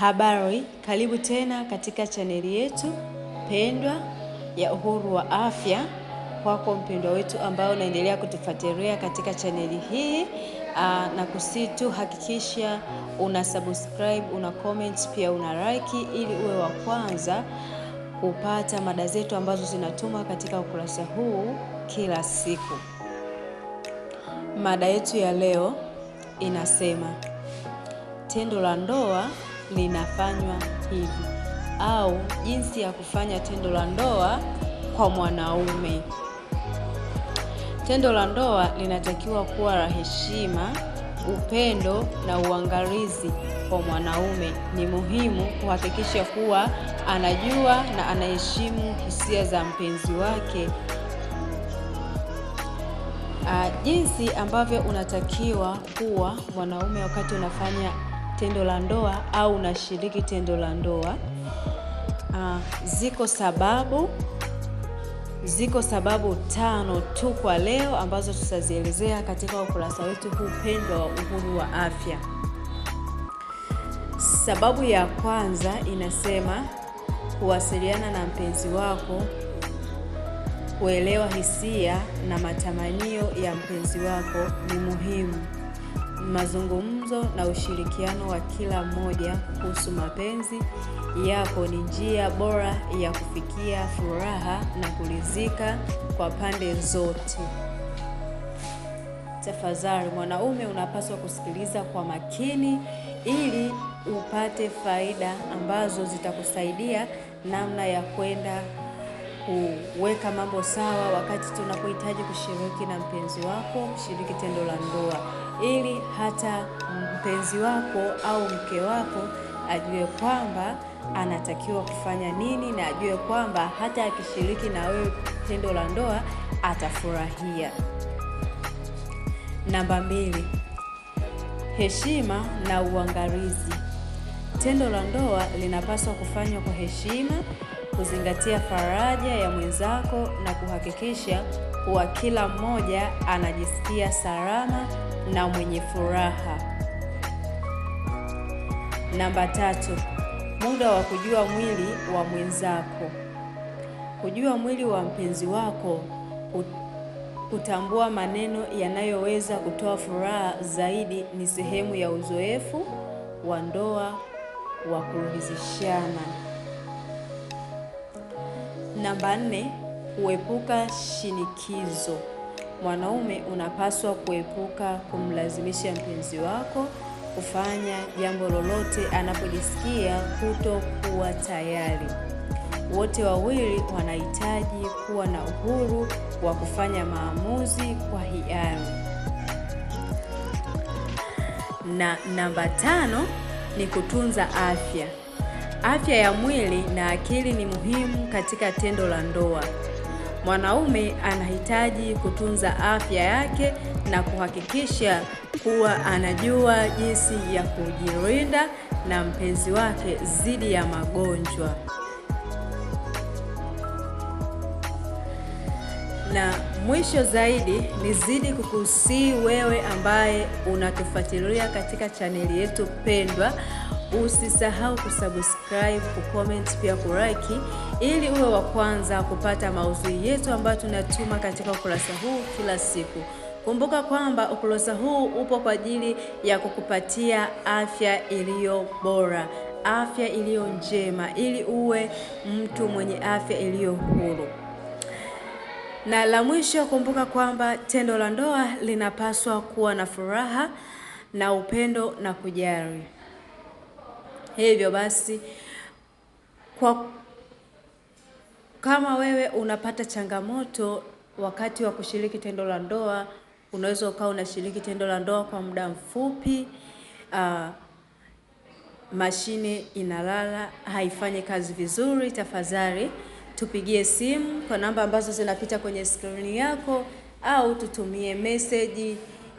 Habari, karibu tena katika chaneli yetu pendwa ya Uhuru wa Afya. Kwako mpendwa wetu ambao unaendelea kutufuatilia katika chaneli hii aa, ah, na kusitu, hakikisha una subscribe, una comment, pia una like ili uwe wa kwanza kupata mada zetu ambazo zinatuma katika ukurasa huu kila siku. Mada yetu ya leo inasema tendo la ndoa linafanywa hivi, au jinsi ya kufanya tendo la ndoa kwa mwanaume. Tendo la ndoa linatakiwa kuwa la heshima, upendo na uangalizi kwa mwanaume. Ni muhimu kuhakikisha kuwa anajua na anaheshimu hisia za mpenzi wake. Uh, jinsi ambavyo unatakiwa kuwa mwanaume wakati unafanya tendo la ndoa au unashiriki tendo la ndoa. Uh, ziko sababu ziko sababu tano tu kwa leo ambazo tutazielezea katika ukurasa wetu huu pendwa wa Uhuru wa Afya. Sababu ya kwanza inasema kuwasiliana na mpenzi wako, kuelewa hisia na matamanio ya mpenzi wako ni muhimu. Mazungumzo na ushirikiano wa kila mmoja kuhusu mapenzi yako ni njia bora ya kufikia furaha na kuridhika kwa pande zote. Tafadhali mwanaume, unapaswa kusikiliza kwa makini ili upate faida ambazo zitakusaidia namna ya kwenda kuweka mambo sawa wakati tunapohitaji kushiriki na mpenzi wako, shiriki tendo la ndoa ili hata mpenzi wako au mke wako ajue kwamba anatakiwa kufanya nini na ajue kwamba hata akishiriki na wewe tendo la ndoa atafurahia. Namba mbili, heshima na uangalizi. Tendo la ndoa linapaswa kufanywa kwa heshima, kuzingatia faraja ya mwenzako na kuhakikisha kuwa kila mmoja anajisikia salama na mwenye furaha. Namba tatu, muda wa kujua mwili wa mwenzako. Kujua mwili wa mpenzi wako kutambua maneno yanayoweza kutoa furaha zaidi ni sehemu ya uzoefu wa ndoa wa kuridhishana. Namba nne, kuepuka shinikizo mwanaume unapaswa kuepuka kumlazimisha mpenzi wako kufanya jambo lolote anapojisikia kutokuwa tayari. Wote wawili wanahitaji kuwa na uhuru wa kufanya maamuzi kwa hiari. Na namba tano ni kutunza afya. Afya ya mwili na akili ni muhimu katika tendo la ndoa. Mwanaume anahitaji kutunza afya yake na kuhakikisha kuwa anajua jinsi ya kujilinda na mpenzi wake dhidi ya magonjwa. Na mwisho zaidi, nizidi kukusii wewe ambaye unatufuatilia katika chaneli yetu pendwa Usisahau kusubscribe, kucomment, pia kuraiki ili uwe wa kwanza kupata maudhui yetu ambayo tunatuma katika ukurasa huu kila siku. Kumbuka kwamba ukurasa huu upo kwa ajili ya kukupatia afya iliyo bora, afya iliyo njema, ili uwe mtu mwenye afya iliyo huru. Na la mwisho, kumbuka kwamba tendo la ndoa linapaswa kuwa na furaha na upendo na kujali. Hivyo basi kwa kama wewe unapata changamoto wakati wa kushiriki tendo la ndoa, unaweza ukawa unashiriki tendo la ndoa kwa muda mfupi uh, mashine inalala, haifanyi kazi vizuri, tafadhali tupigie simu kwa namba ambazo zinapita kwenye skrini yako au tutumie meseji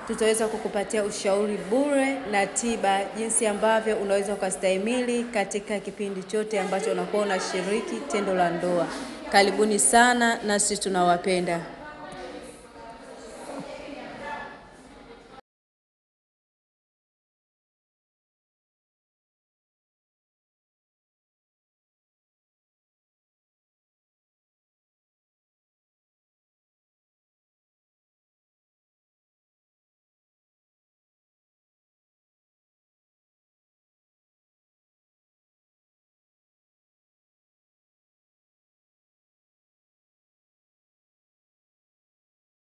tutaweza kukupatia ushauri bure na tiba jinsi ambavyo unaweza ukastahimili katika kipindi chote ambacho unakuwa unashiriki tendo la ndoa. Karibuni sana, nasi tunawapenda.